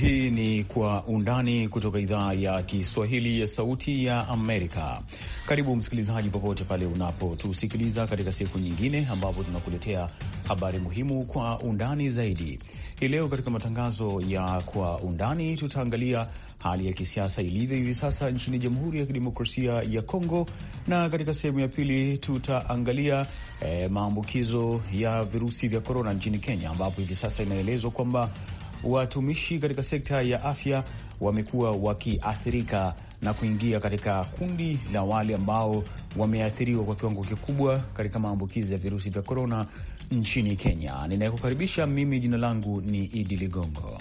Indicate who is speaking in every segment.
Speaker 1: Hii ni Kwa Undani kutoka idhaa ya Kiswahili ya Sauti ya Amerika. Karibu msikilizaji, popote pale unapotusikiliza katika siku nyingine, ambapo tunakuletea habari muhimu kwa undani zaidi. Hii leo katika matangazo ya Kwa Undani tutaangalia hali ya kisiasa ilivyo hivi sasa nchini Jamhuri ya Kidemokrasia ya Kongo, na katika sehemu ya pili tutaangalia eh, maambukizo ya virusi vya korona nchini Kenya, ambapo hivi sasa inaelezwa kwamba watumishi katika sekta ya afya wamekuwa wakiathirika na kuingia katika kundi la wale ambao wameathiriwa kwa kiwango kikubwa katika maambukizi ya virusi vya korona nchini Kenya. Ninayekukaribisha mimi, jina langu ni Idi Ligongo.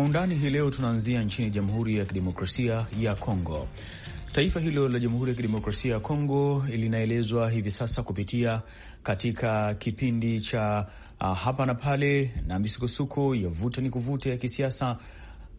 Speaker 1: Kwa undani hii leo tunaanzia nchini Jamhuri ya Kidemokrasia ya Kongo. Taifa hilo la Jamhuri ya Kidemokrasia ya Kongo linaelezwa hivi sasa kupitia katika kipindi cha uh, hapa na pale na misukosuko ya vuta ni kuvuta ya kisiasa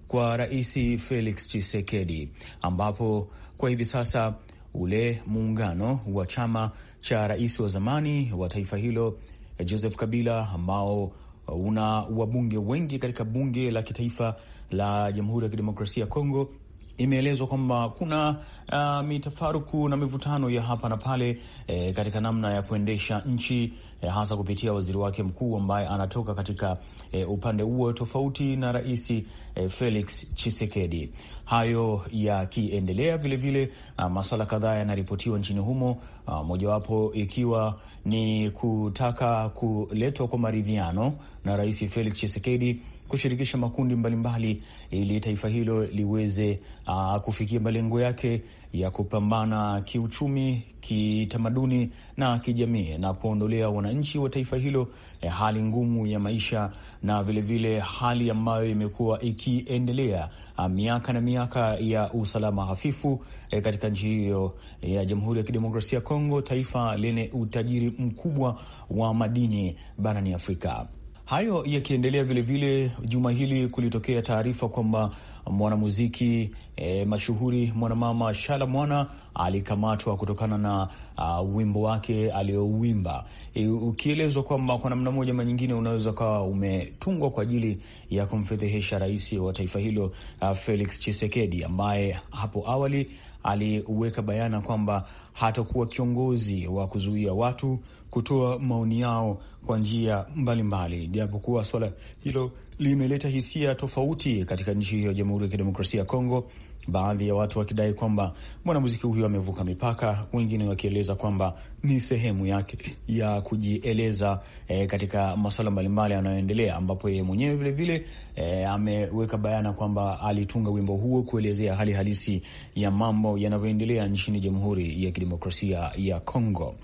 Speaker 1: kwa Rais Felix Tshisekedi, ambapo kwa hivi sasa ule muungano wa chama cha rais wa zamani wa taifa hilo eh, Joseph Kabila ambao una wabunge wengi katika bunge la kitaifa la Jamhuri ya Kidemokrasia ya Kongo. Imeelezwa kwamba kuna uh, mitafaruku na mivutano ya hapa na pale eh, katika namna ya kuendesha nchi e, hasa kupitia waziri wake mkuu ambaye anatoka katika e, upande huo tofauti na rais e, Felix Chisekedi. Hayo yakiendelea, vilevile ah, maswala kadhaa yanaripotiwa nchini humo ah, mojawapo ikiwa ni kutaka kuletwa kwa maridhiano na rais Felix Chisekedi kushirikisha makundi mbalimbali mbali, ili taifa hilo liweze uh, kufikia malengo yake ya kupambana kiuchumi, kitamaduni na kijamii na kuondolea wananchi wa taifa hilo eh, hali ngumu ya maisha na vilevile vile hali ambayo imekuwa ikiendelea uh, miaka na miaka ya usalama hafifu eh, katika nchi hiyo ya Jamhuri ya Kidemokrasia ya Kongo, taifa lenye utajiri mkubwa wa madini barani Afrika. Hayo yakiendelea vilevile, juma hili kulitokea taarifa kwamba mwanamuziki e, mashuhuri mwanamama Shala Mwana alikamatwa kutokana na uh, wimbo wake aliyouimba, e, eh, ukielezwa kwamba kwa namna moja ama nyingine unaweza ukawa umetungwa kwa ajili ya kumfedhehesha rais wa taifa hilo uh, Felix Chisekedi ambaye hapo awali aliweka bayana kwamba hatakuwa kiongozi wa kuzuia watu kutoa maoni yao kwa njia mbalimbali, japokuwa swala hilo limeleta hisia tofauti katika nchi hiyo ya Jamhuri ya Kidemokrasia ya Kongo, baadhi ya watu wakidai kwamba mwanamuziki huyo amevuka mipaka, wengine wakieleza kwamba ni sehemu yake ya kujieleza e, katika masuala mbalimbali yanayoendelea, ambapo yeye mwenyewe vilevile e, ameweka bayana kwamba alitunga wimbo huo kuelezea hali halisi ya mambo yanavyoendelea nchini Jamhuri ya Kidemokrasia ya Kongo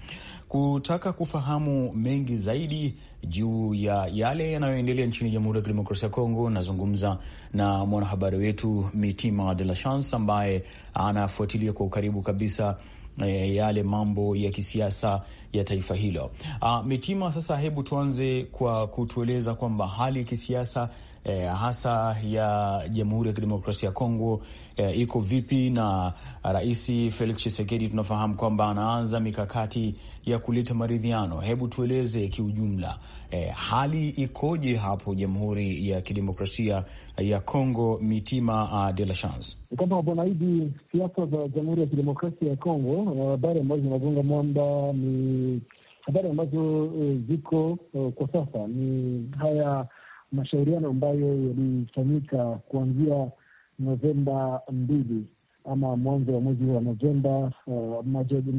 Speaker 1: kutaka kufahamu mengi zaidi juu ya yale yanayoendelea nchini Jamhuri ya Kidemokrasia ya Kongo. Nazungumza na mwanahabari wetu Mitima De La Chance ambaye anafuatilia kwa ukaribu kabisa E, yale mambo ya kisiasa ya taifa hilo. A, ah, Mitima, sasa hebu tuanze kwa kutueleza kwamba hali ya kisiasa e, hasa ya Jamhuri ya Kidemokrasia ya Kongo e, iko vipi? Na Rais Felix Tshisekedi tunafahamu kwamba anaanza mikakati ya kuleta maridhiano. Hebu tueleze kiujumla, e, hali ikoje hapo Jamhuri ya Kidemokrasia ya Kongo? Mitima uh, de la Chance
Speaker 2: kwamba bwana Idi, siasa za Jamhuri ya Kidemokrasia ya Kongo, eh, habari ambazo zinagonga mwamba ni habari ambazo eh, ziko kwa sasa ni haya mashauriano ambayo yalifanyika kuanzia Novemba mbili ama mwanzo wa mwezi wa Novemba, uh,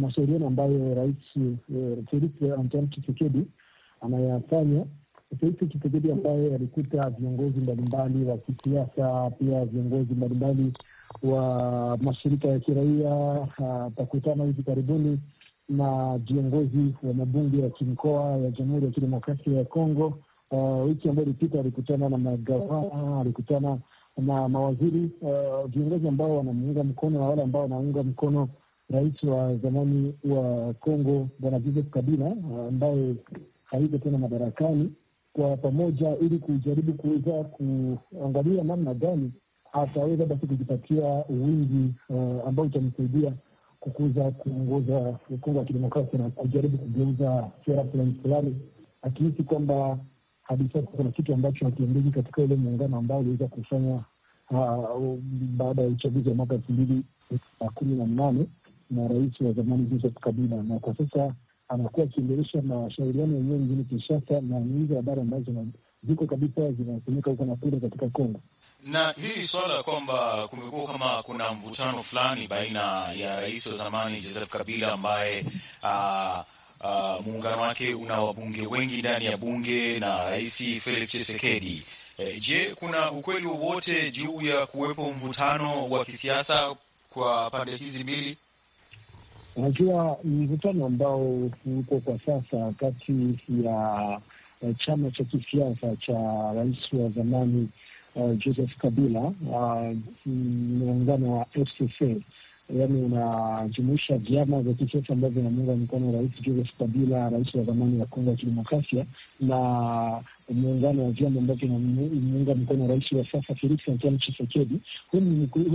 Speaker 2: mashauriano ambayo rais uh, Felix Antoine Tshisekedi anayafanya Felix Tshisekedi ambaye alikuta viongozi mbalimbali wa kisiasa, pia viongozi mbalimbali wa mashirika ya kiraia. Atakutana uh, hivi karibuni na viongozi wa mabunge ya kimkoa ya Jamhuri ya Kidemokrasia ya Kongo. Wiki ambayo ilipita alikutana na magavana, alikutana na mawaziri uh, viongozi uh, ambao wanamuunga mkono na wale ambao wanaunga mkono rais wa zamani wa Kongo Bwana Joseph Kabila uh, ambaye uh, haiko tena madarakani, kwa pamoja ili kujaribu kuweza kuangalia namna gani ataweza basi kujipatia wingi uh, ambao utamsaidia kukuza kuongoza Kongo ya kidemokrasia na kujaribu kugeuza sera fulani fulani akihisi kwamba hadi sasa kuna kitu ambacho hakiendeki katika ule muungano ambao uliweza kufanya ah, baada ya uchaguzi wa mwaka elfu mbili na kumi na mnane na rais wa zamani Joseph Kabila, na kwa sasa anakuwa akiendelesha mashauriano yenyewe mjini Kinshasa na ni hizo habari ambazo ziko kabisa zinasemeka huko na kule katika Kongo. Na hili swala kwamba kumekuwa kama kuna
Speaker 1: mvutano fulani baina ya rais wa zamani Joseph Kabila ambaye uh, uh, muungano wake una wabunge wengi ndani ya bunge na Rais Felix Tshisekedi. E, je, kuna ukweli wowote juu ya kuwepo mvutano wa kisiasa kwa pande hizi mbili?
Speaker 2: Unajua, mvutano ambao uko kwa sasa kati ya eh, chama cha kisiasa cha rais wa zamani uh, Joseph Kabila, ah, muungano uh, wa FCC yani unajumuisha vyama vya kisiasa ambavyo vinamuunga mkono Rais Joseph Kabila, rais wa zamani wa Kongo ya Kidemokrasia, na muungano wa vyama ambavyo vinamuunga mkono rais wa sasa Felix Antoine Chisekedi. Huu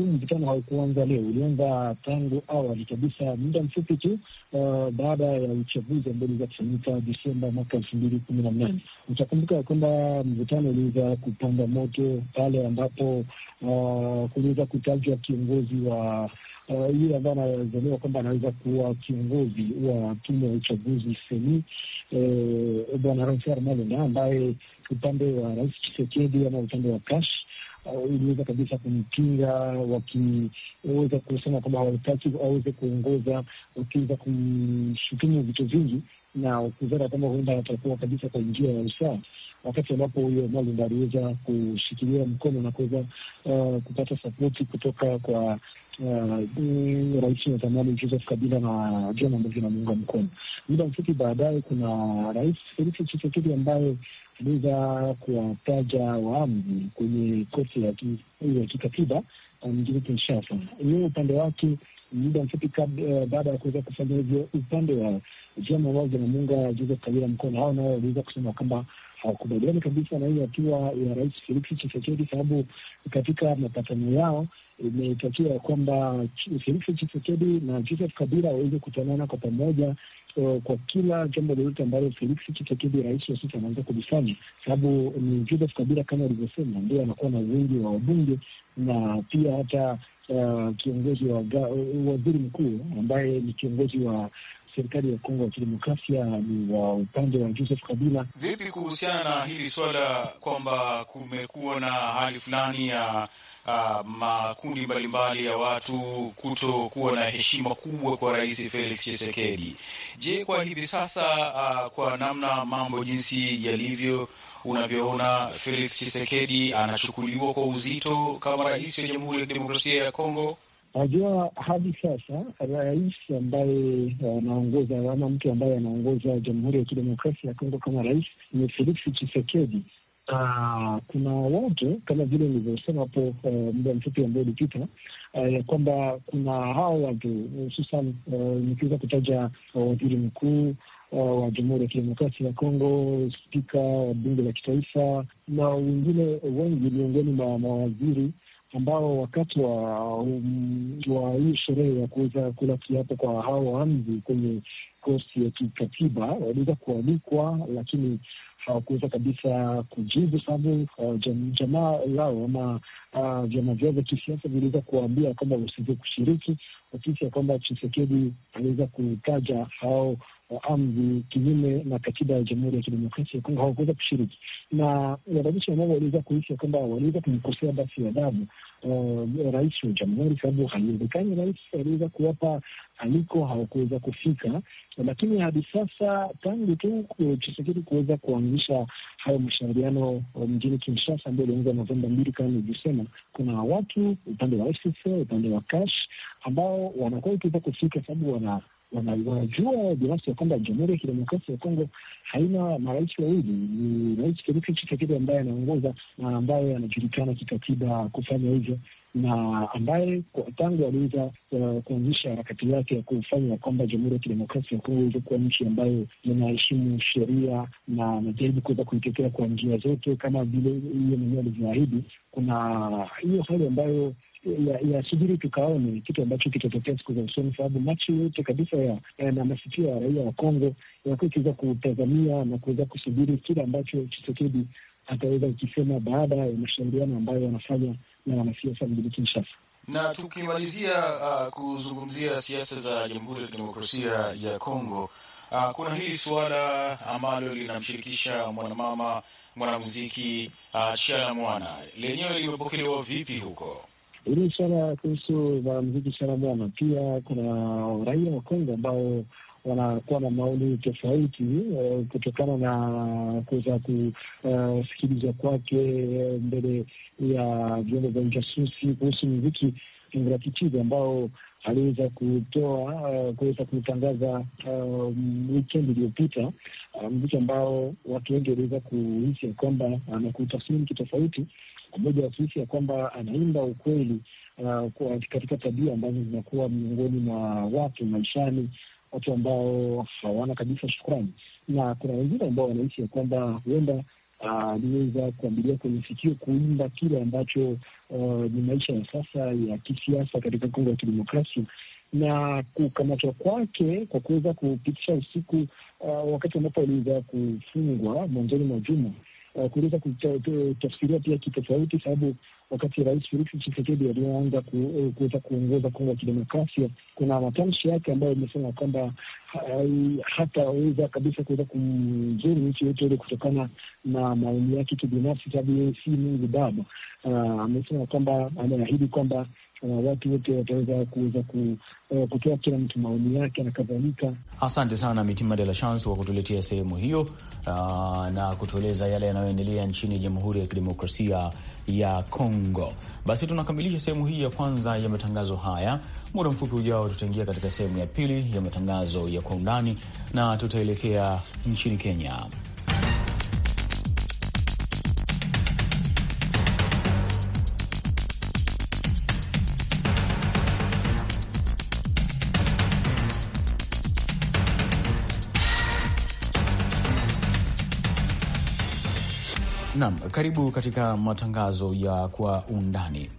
Speaker 2: mvutano haukuanza leo, ulianza tangu awali kabisa, muda mfupi tu uh, baada ya uchaguzi ambao uliweza kufanyika Desemba mwaka elfu mbili kumi na mnane. Utakumbuka kwamba mvutano uliweza kupanda moto pale ambapo uh, kuliweza kutajwa kiongozi wa Eh, yule ambaye anazaniwa kwamba anaweza kuwa kiongozi wa tume ya uchaguzi seni eh, bwana Rafael Malona ambaye upande wa rais Chisekedi ama upande wa Kash eh, iliweza kabisa kumpinga wakiweza kusema kwamba hawataki aweze kuongoza, wakiweza kumshutumu vitu vingi na kuzana kwamba huenda atakuwa kabisa kwa njia ya usawa, wakati ambapo huyo Malinda aliweza kushikilia mkono na kuweza uh, kupata sapoti kutoka kwa Uh, rais wa zamani Joseph Kabila na John ambavyo namuunga mkono. Muda mfupi baadaye, kuna rais Felix Tshisekedi ambaye aliweza kuwataja waamuzi kwenye koti ya kikatiba uh, mjini Kinshasa. Yeye upande wake muda mfupi eh, baada ya kuweza kufanya hivyo, upande wa vyama ambavyo vinamuunga Joseph Kabila mkono, hao nao waliweza kusema kwamba hawakubaliani kabisa na hiyo hatua ya Rais Felix Tshisekedi, sababu katika mapatano yao imetakiwa kwamba Felix Tshisekedi na Joseph Kabila waweze kutanana kwa pamoja eh, kwa kila jambo lolote ambalo Felix Tshisekedi rais wa sasa anaweza kulifanya, sababu ni Joseph Kabila kama alivyosema, ndio anakuwa na wingi wa wabunge na pia hata uh, kiongozi wa waziri mkuu ambaye ni kiongozi wa serikali ya Kongo ya Kidemokrasia ni wa upande wa Joseph Kabila.
Speaker 1: Vipi kuhusiana na hili swala kwamba kumekuwa na hali fulani ya uh, makundi mbalimbali ya watu kutokuwa na heshima kubwa kwa Rais Felix Tshisekedi? Je, kwa hivi sasa uh, kwa namna mambo jinsi yalivyo unavyoona Felix chisekedi anachukuliwa kwa uzito kama rais wa Jamhuri ya Kidemokrasia ya Kongo?
Speaker 2: Najua hadi sasa rais ambaye eh, anaongoza ama mtu ambaye anaongoza Jamhuri ya Kidemokrasia ya Kongo kama rais ni Felix chisekedi Uh, ah, kuna watu kama vile nilivyosema hapo uh, muda mfupi ambao ulipita eh, ya uh, kwamba kuna hawa watu hususan uh, nikiweza kutaja waziri mkuu wa Jamhuri ya Kidemokrasia ya Kongo, spika wa bunge la kitaifa na wengine wengi miongoni mwa mawaziri ambao wakati wa um, wa hii sherehe ya kuweza kula kiapo kwa hao waamzi kwenye kosi ya kikatiba waliweza kualikwa, lakini hawakuweza kabisa kujibu, sababu uh, jamaa lao ama uh, vyama vyao vya kisiasa viliweza kuwaambia kwamba wasivyo kushiriki, ofisi ya kwamba Chisekedi aliweza kutaja hao uh, amri kinyume na katiba ya Jamhuri ya Kidemokrasia ya Kongo, hawakuweza kushiriki na wadadisha wenao waliweza kuhisi ya kwamba waliweza kumkosea basi adabu Eh, eh, rais wa jamhuri, sababu haiwezekani rais aliweza kuwapa aliko hawakuweza kufika. Lakini hadi sasa tangu tu eh, Tshisekedi kuweza kuanzisha hayo mashauriano mjini Kinshasa ambayo ilianza Novemba mbili kama nilivyosema, kuna watu upande wa FCC upande wa Kash ambao wanakuwa wakiweza kufika sababu wana wanajua binafsi ya kwamba Jamhuri ya Kidemokrasia ya Kongo haina marais wawili, ni Rais Felix Tshisekedi ambaye anaongoza na ambaye anajulikana kikatiba kufanya hivyo na ambaye tangu aliweza uh, kuanzisha harakati yake ya kufanya kwamba Jamhuri ya Kidemokrasia ya Kongo iweze kuwa nchi ambayo inaheshimu sheria na anajaribu kuweza kuitetea kwa njia zote, kama vile hiyo mwenyewe alivyoahidi. Kuna hiyo hali ambayo ya, subiri tukaone kitu ambacho kitatokea siku za usoni, sababu machi yote kabisa ya, ya na masikio ya raia wa Kongo yanakuwa ikiweza kutazamia na kuweza kusubiri kile ambacho Chisekedi ataweza ikisema baada ya mashauriano ambayo wanafanya na wanasiasa mjini Kinshasa
Speaker 1: na tukimalizia uh, kuzungumzia siasa za Jamhuri ya Kidemokrasia ya Kongo, uh, kuna hili suala ambalo linamshirikisha mwanamama mwanamuziki uh, Chiala Mwana, lenyewe limepokelewa vipi huko?
Speaker 2: ile ishara kuhusu mwanamuziki Shera Bwana. Pia kuna raia wa Kongo ambao wanakuwa na maoni tofauti eh, kutokana na kuweza eh, kusikilizwa uh, kwake eh, mbele ya vyombo vya ujasusi kuhusu muziki Ingratitude ambao aliweza kutoa uh, kuweza kutangaza uh, wikendi iliyopita uh, mziki ambao watu wengi waliweza kuhisi ya kwamba amekuutafsiri kitofauti pamoja sisi ya kwamba anaimba ukweli uh, katika tabia ambazo zinakuwa miongoni mwa watu maishani, watu ambao hawana kabisa shukrani, na kuna wengine ambao wanaishi ya kwamba huenda uh, aliweza uh, kuambilia kwenye sikio kuimba kile ambacho uh, ni maisha ya sasa ya kisiasa katika Kongo ya Kidemokrasia na kukamatwa kwake kwa kuweza kupitisha usiku uh, wakati ambapo aliweza kufungwa mwanzoni mwa juma uh, kuweza kutafsiria pia kitofauti, sababu wakati Rais Felix Tshisekedi aliyoanza eh, kuweza kuongoza Kongo ya Kidemokrasia, kuna matamshi yake ambayo imesema kwamba hataweza kabisa kuweza kumzuru nchi yote ile kutokana na maoni yake kibinafsi, sababu yeye si Mungu Baba. Ah, amesema kwamba ameahidi kwamba uh, watu wote wataweza kuweza uh, kutoa kila mtu maoni yake na kadhalika.
Speaker 1: Asante sana Mitima de la Chance kwa kutuletea sehemu hiyo uh, na kutueleza yale yanayoendelea nchini Jamhuri ya Kidemokrasia ya Kongo. Basi tunakamilisha sehemu hii ya kwanza ya matangazo haya. Muda mfupi ujao, tutaingia katika sehemu ya pili ya matangazo ya kwa undani na tutaelekea nchini Kenya. Naam, karibu katika matangazo ya kwa undani.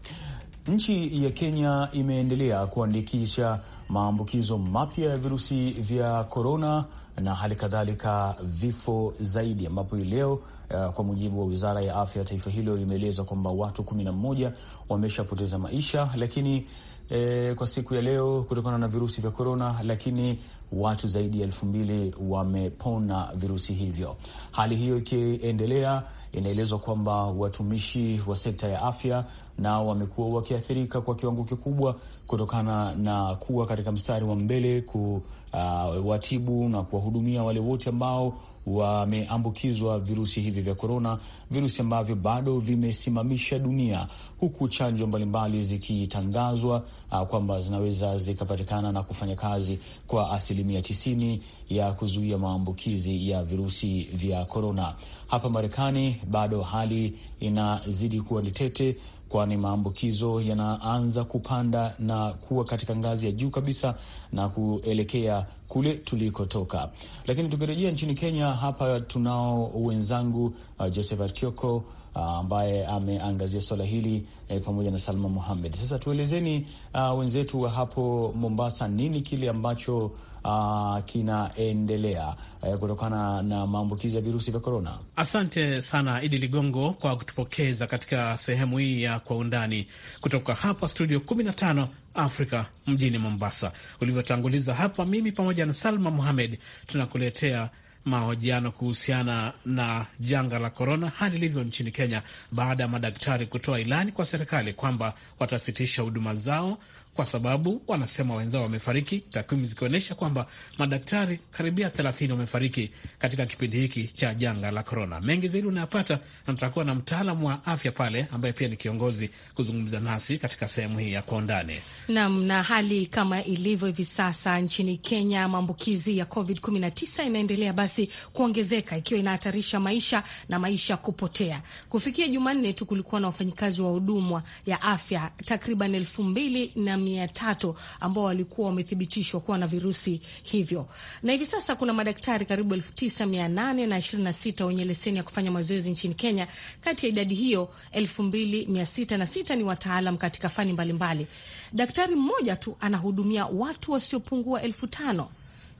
Speaker 1: Nchi ya Kenya imeendelea kuandikisha maambukizo mapya ya virusi vya korona na hali kadhalika vifo zaidi, ambapo hii leo uh, kwa mujibu wa wizara ya afya ya taifa hilo imeeleza kwamba watu 11 wameshapoteza maisha, lakini eh, kwa siku ya leo kutokana na virusi vya korona, lakini watu zaidi ya elfu mbili wamepona virusi hivyo, hali hiyo ikiendelea Inaelezwa kwamba watumishi wa sekta ya afya nao wamekuwa wakiathirika kwa kiwango kikubwa kutokana na kuwa katika mstari wa mbele kuwatibu uh, na kuwahudumia wale wote ambao wameambukizwa virusi hivi vya korona, virusi ambavyo bado vimesimamisha dunia, huku chanjo mbalimbali zikitangazwa ah, kwamba zinaweza zikapatikana na kufanya kazi kwa asilimia tisini ya kuzuia maambukizi ya virusi vya korona. Hapa Marekani bado hali inazidi kuwa ni tete kwani maambukizo yanaanza kupanda na kuwa katika ngazi ya juu kabisa na kuelekea kule tulikotoka. Lakini tukirejea nchini Kenya, hapa tunao wenzangu uh, Josephat Kioko uh, ambaye uh, ameangazia swala hili eh, pamoja na Salma Muhamed. Sasa tuelezeni uh, wenzetu wa hapo Mombasa, nini kile ambacho uh, kinaendelea uh, kutokana na maambukizi ya virusi vya korona.
Speaker 3: Asante sana Idi Ligongo kwa kutupokeza katika sehemu hii ya kwa undani kutoka hapa studio 15 Afrika mjini Mombasa. Ulivyotanguliza hapa, mimi pamoja na Salma Muhamed tunakuletea mahojiano kuhusiana na janga la korona, hali ilivyo nchini Kenya baada ya madaktari kutoa ilani kwa serikali kwamba watasitisha huduma zao kwa sababu wanasema wenzao wamefariki, takwimu zikionyesha kwamba madaktari karibia thelathini wamefariki katika kipindi hiki cha janga la korona. Mengi zaidi unayapata na tutakuwa na mtaalam wa afya pale ambaye pia ni kiongozi kuzungumza nasi katika sehemu hii ya kwa undani.
Speaker 4: Naam, na hali kama ilivyo hivi sasa nchini Kenya, maambukizi ya COVID-19 inaendelea basi kuongezeka ikiwa inahatarisha maisha na maisha kupotea. Kufikia Jumanne tu kulikuwa na wafanyikazi wa huduma ya afya takriban elfu mbili na mia tatu ambao walikuwa wamethibitishwa kuwa na virusi hivyo, na hivi sasa kuna madaktari karibu elfu tisa mia nane na ishirini na sita wenye leseni ya kufanya mazoezi nchini Kenya. Kati ya idadi hiyo elfu mbili mia sita na sita ni wataalam katika fani mbalimbali mbali. Daktari mmoja tu anahudumia watu wasiopungua elfu tano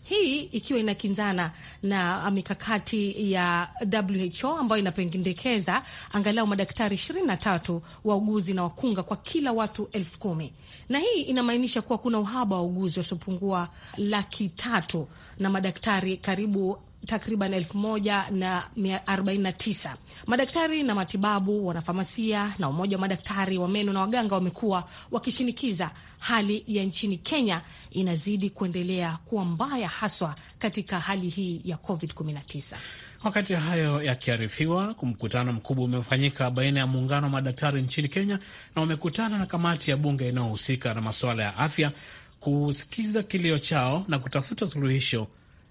Speaker 4: hii ikiwa inakinzana na mikakati ya WHO ambayo inapendekeza angalau madaktari 23 wauguzi na wakunga kwa kila watu elfu kumi na hii inamaanisha kuwa kuna uhaba wa uguzi wasiopungua laki tatu na madaktari karibu takriban elfu moja na mia arobaini na tisa. Madaktari na matibabu, wanafamasia na umoja wa madaktari wa meno na waganga wamekuwa wakishinikiza hali ya nchini Kenya inazidi kuendelea kuwa mbaya, haswa katika hali hii ya COVID-19.
Speaker 3: Wakati hayo yakiarifiwa, mkutano mkubwa umefanyika baina ya muungano wa madaktari nchini Kenya na wamekutana na kamati ya bunge inayohusika na masuala ya afya kusikiza kilio chao na kutafuta suluhisho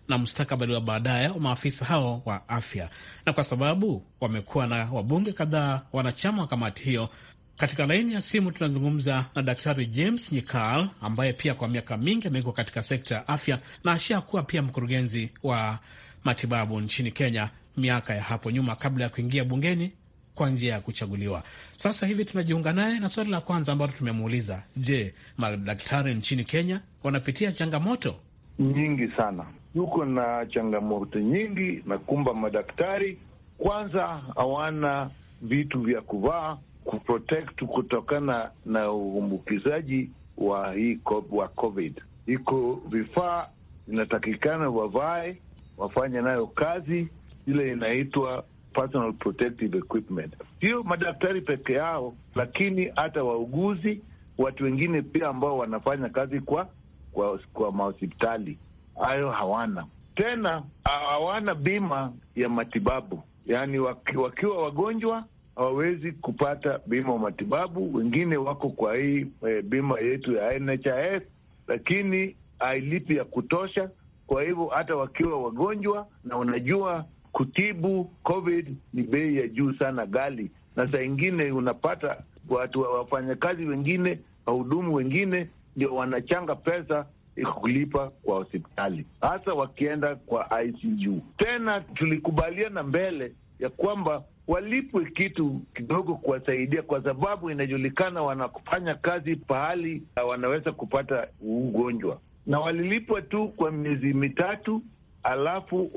Speaker 3: na mustakabali wa baadaye wa maafisa hao wa afya, na kwa sababu wamekuwa na wabunge kadhaa wanachama wa kamati hiyo katika laini ya simu tunazungumza na Daktari James Nyikal ambaye pia kwa miaka mingi amekuwa katika sekta ya afya na ashakuwa pia mkurugenzi wa matibabu nchini Kenya miaka ya hapo nyuma kabla ya kuingia bungeni kwa njia ya kuchaguliwa. Sasa hivi tunajiunga naye na swali la kwanza ambalo tumemuuliza, je, madaktari nchini Kenya wanapitia changamoto nyingi sana?
Speaker 5: yuko na changamoto nyingi na kumba madaktari kwanza hawana vitu vya kuvaa kuprotect kutokana na uambukizaji wa hii wa COVID. Iko vifaa inatakikana wavae wafanye nayo kazi, ile inaitwa personal protective equipment. Sio madaktari peke yao, lakini hata wauguzi, watu wengine pia ambao wanafanya kazi kwa kwa, kwa mahospitali hayo hawana tena, hawana bima ya matibabu, yaani wakiwa wagonjwa hawawezi kupata bima ya matibabu. Wengine wako kwa hii e, bima yetu ya NHIF, lakini hailipi ya kutosha. Kwa hivyo hata wakiwa wagonjwa, na unajua kutibu COVID ni bei ya juu sana, gali na saa ingine unapata watu wafanyakazi wengine, wahudumu wengine ndio wanachanga pesa kulipa kwa hospitali, hasa wakienda kwa ICU. Tena tulikubaliana mbele ya kwamba walipwe kitu kidogo kuwasaidia, kwa sababu inajulikana wanakufanya kazi pahali wanaweza kupata ugonjwa, na walilipwa tu kwa miezi mitatu, alafu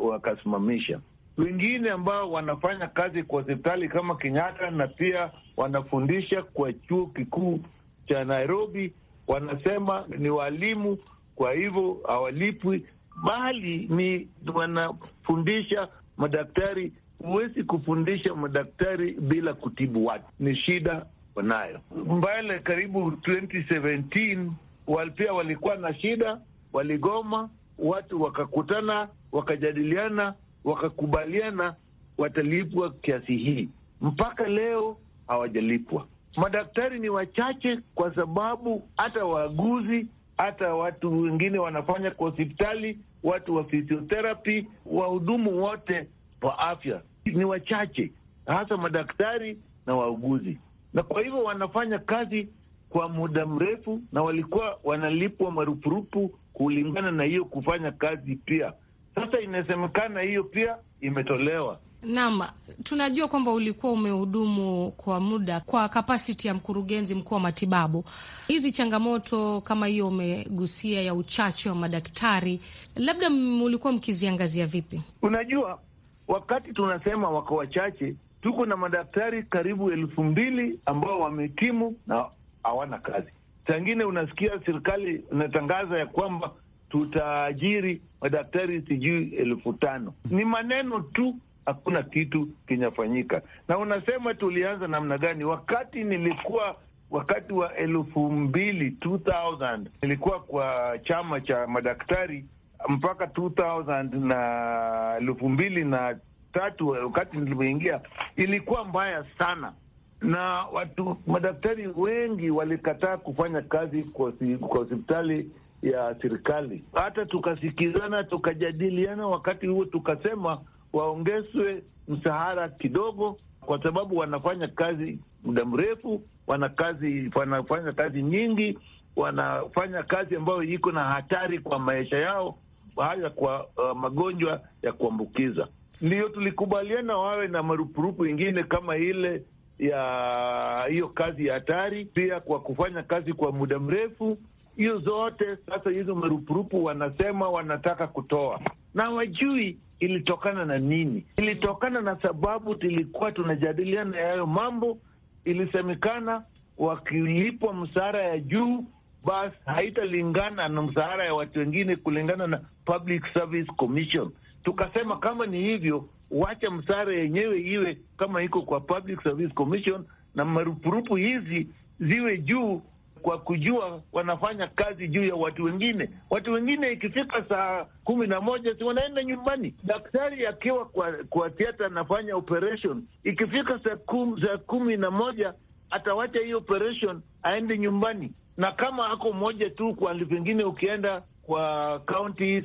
Speaker 5: wakasimamisha waka wengine ambao wanafanya kazi kwa hospitali kama Kenyatta na pia wanafundisha kwa chuo kikuu cha Nairobi wanasema ni walimu, kwa hivyo hawalipwi, bali ni wanafundisha madaktari. Huwezi kufundisha madaktari bila kutibu watu, ni shida wanayo. Mbale karibu 2017 pia walikuwa na shida, waligoma, watu wakakutana, wakajadiliana, wakakubaliana watalipwa kiasi hii, mpaka leo hawajalipwa. Madaktari ni wachache, kwa sababu hata waaguzi, hata watu wengine wanafanya kwa hospitali, watu wa fisiotherapy, wahudumu wote wa afya ni wachache, hasa madaktari na wauguzi, na kwa hivyo wanafanya kazi kwa muda mrefu, na walikuwa wanalipwa marupurupu kulingana na hiyo kufanya kazi. Pia sasa inasemekana hiyo pia imetolewa.
Speaker 4: Naam, tunajua kwamba ulikuwa umehudumu kwa muda kwa kapasiti ya mkurugenzi mkuu wa matibabu. Hizi changamoto kama hiyo umegusia ya uchache wa madaktari, labda mulikuwa mkiziangazia vipi?
Speaker 5: Unajua, wakati tunasema wako wachache, tuko na madaktari karibu elfu mbili ambao wamehitimu na hawana kazi. Sangine unasikia serikali inatangaza ya kwamba tutaajiri madaktari sijui elfu tano. Ni maneno tu hakuna kitu kinyafanyika. Na unasema tulianza namna gani? Wakati nilikuwa wakati wa elfu mbili 2000 nilikuwa kwa chama cha madaktari mpaka 2000 na elfu mbili na tatu wakati nilivyoingia ilikuwa mbaya sana, na watu madaktari wengi walikataa kufanya kazi kwa hospitali ya serikali. Hata tukasikizana tukajadiliana, wakati huo tukasema waongezwe mshahara kidogo, kwa sababu wanafanya kazi muda mrefu, wana kazi, wanafanya kazi nyingi, wanafanya kazi ambayo iko na hatari kwa maisha yao, haya kwa uh, magonjwa ya kuambukiza. Ndiyo tulikubaliana wawe na marupurupu ingine kama ile ya hiyo kazi ya hatari, pia kwa kufanya kazi kwa muda mrefu. Hiyo zote sasa, hizo marupurupu wanasema wanataka kutoa na wajui ilitokana na nini? Ilitokana na sababu tulikuwa tunajadiliana yayo mambo. Ilisemekana wakilipwa msaara ya juu, basi haitalingana na msaara ya watu wengine kulingana na Public Service Commission. Tukasema kama ni hivyo, wacha msaara yenyewe iwe kama iko kwa Public Service Commission na marupurupu hizi ziwe juu kwa kujua wanafanya kazi juu ya watu wengine. Watu wengine ikifika saa kumi na moja si wanaenda nyumbani. Daktari akiwa kwa, kwa tiata anafanya operation, ikifika saa kum, saa kumi na moja atawacha hii operation aende nyumbani, na kama ako mmoja tu kwa pengine ukienda kwa counties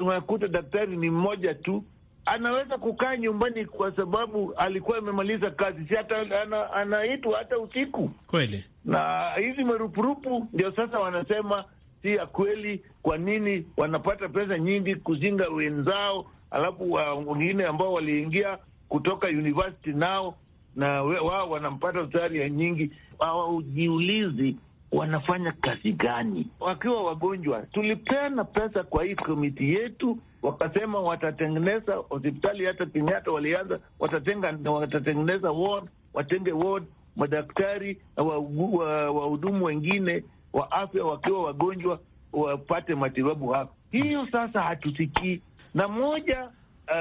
Speaker 5: unakuta daktari ni mmoja tu anaweza kukaa nyumbani kwa sababu alikuwa amemaliza kazi, si hata ana, anaitwa hata usiku kweli. Na hizi marupurupu ndio sasa wanasema si ya kweli. Kwa nini wanapata pesa nyingi kuzinga wenzao, alafu ah, wengine ambao waliingia kutoka university nao na wao wanampata sari ya nyingi, hawajiulizi wanafanya kazi gani wakiwa wagonjwa. Tulipeana pesa kwa hii komiti yetu, wakasema watatengeneza hospitali. Hata Kenyatta walianza watatenga, watatengeneza ward, watenge ward madaktari na wahudumu wa wengine wa afya wakiwa wagonjwa wapate matibabu hapo. Hiyo sasa hatusikii na moja.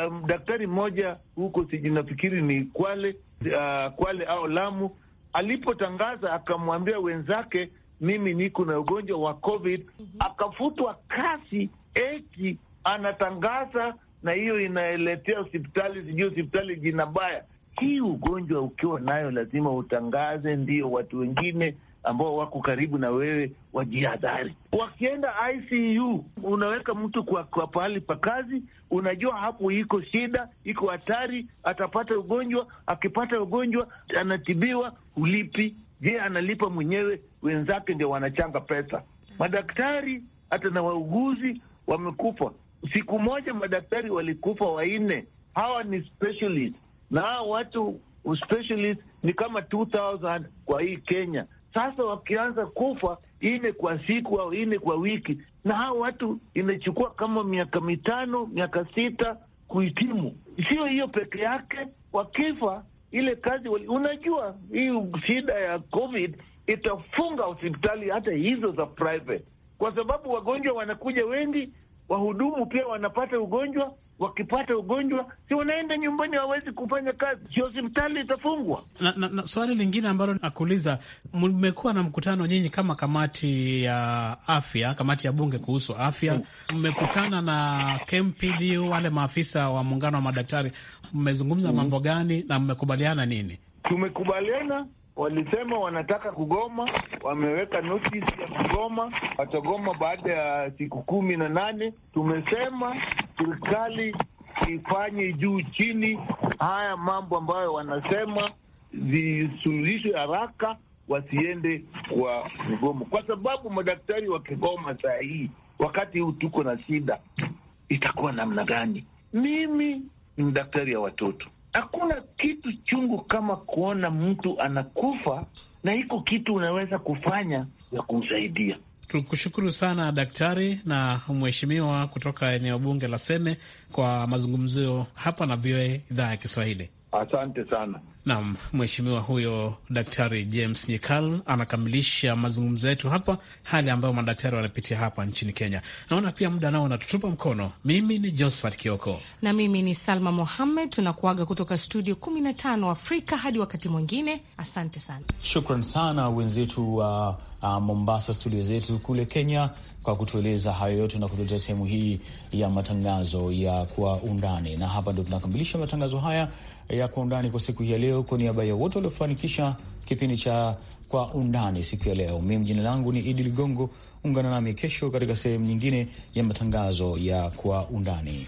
Speaker 5: Um, daktari mmoja huko sijinafikiri nafikiri ni Kwale, uh, Kwale au Lamu alipotangaza akamwambia wenzake mimi niko na ugonjwa wa COVID mm -hmm. Akafutwa kazi eti anatangaza, na hiyo inaeletea hospitali sijui hospitali jina baya. Hii ugonjwa ukiwa nayo lazima utangaze, ndio watu wengine ambao wako karibu na wewe wajihadhari. Wakienda ICU unaweka mtu kwa, kwa pahali pa kazi, unajua hapo iko shida, iko hatari, atapata ugonjwa. Akipata ugonjwa anatibiwa, hulipi Je, analipa mwenyewe? Wenzake ndio wanachanga pesa. Madaktari hata na wauguzi wamekufa. Siku moja madaktari walikufa wanne. Hawa ni specialist, na hawa watu specialist ni kama 2000 kwa hii Kenya. Sasa wakianza kufa ine kwa siku au ine kwa wiki, na hawa watu inachukua kama miaka mitano miaka sita kuhitimu. Sio hiyo peke yake, wakifa ile kazi wali, unajua hii shida ya COVID itafunga hospitali hata hizo za private, kwa sababu wagonjwa wanakuja wengi, wahudumu pia wanapata ugonjwa, wakipata ugonjwa si wanaenda nyumbani, hawawezi kufanya kazi, si hospitali itafungwa.
Speaker 3: Na, na, na swali lingine ambalo nakuuliza, mmekuwa na mkutano nyinyi kama kamati ya afya, kamati ya bunge kuhusu afya, mmekutana na KMPD, wale maafisa wa muungano wa madaktari, mmezungumza mm-hmm. mambo gani na mmekubaliana nini? Tumekubaliana
Speaker 5: walisema wanataka kugoma, wameweka notisi ya kugoma, watagoma baada ya siku kumi na nane. Tumesema serikali ifanye juu chini haya mambo ambayo wanasema zisuluhishwe haraka, wasiende kwa mgomo, kwa sababu madaktari wakigoma saa hii, wakati huu tuko na shida, itakuwa namna gani? Mimi ni daktari ya watoto, hakuna kitu uchungu kama kuona mtu anakufa, na iko kitu unaweza kufanya ya kumsaidia.
Speaker 3: Tukushukuru sana daktari na mheshimiwa kutoka eneo bunge la Seme kwa mazungumzo hapa na VOA idhaa ya Kiswahili.
Speaker 5: Asante sana.
Speaker 3: Naam, mheshimiwa huyo Daktari James Nyikal anakamilisha mazungumzo yetu hapa, hali ambayo madaktari wanapitia hapa nchini Kenya. Naona pia muda nao natutupa mkono. Mimi ni Josephat Kioko
Speaker 4: na mimi ni Salma Mohamed, tunakuaga kutoka studio 15 Afrika hadi wakati mwingine. Asante sana,
Speaker 1: shukran sana wenzetu wa uh, uh, Mombasa, studio zetu kule Kenya, kwa kutueleza hayo yote na kutuletea sehemu hii ya matangazo ya Kwa Undani, na hapa ndo tunakamilisha matangazo haya ya Kwa Undani kwa siku hii ya leo. Kwa niaba ya wote waliofanikisha kipindi cha Kwa Undani siku ya leo, mimi jina langu ni Idi Ligongo. Ungana nami kesho katika sehemu nyingine ya matangazo ya Kwa Undani.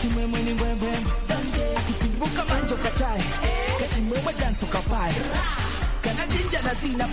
Speaker 3: Kimwemwe ni mbwembwe, akikibuka manje ukachae, kachimwemwe dance kana na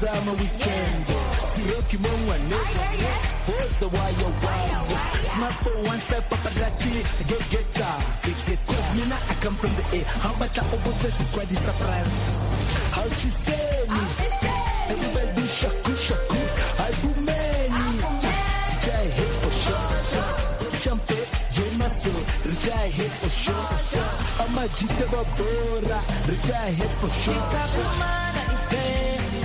Speaker 5: summer weekend. Siroki mongwa the Hoza you wayo. Smart for one step, paparazzi. Go get her. Cause me now I come from the A. How about I open face and cry a surprise? How she say me? Everybody do shaku shaku. I do many. Jai hit for sure. Champe, Jemaso. Jai hit for sure. I'm a jitaba bora. Jai hit for sure.